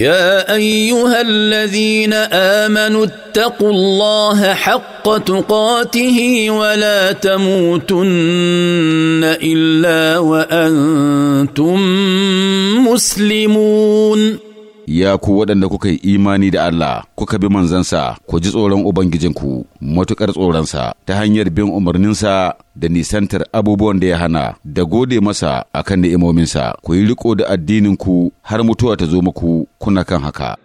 يا ايها الذين امنوا اتقوا الله حق تقاته ولا تموتن الا وانتم مسلمون ya ku waɗanda kuka yi imani da Allah kuka bi manzansa ku ji tsoron ubangijinku matukar tsoronsa ta hanyar bin umarninsa da nisantar abubuwan da ya hana da gode masa akan ni'imominsa ku yi riko da addininku har mutuwa ta zo muku kuna kan haka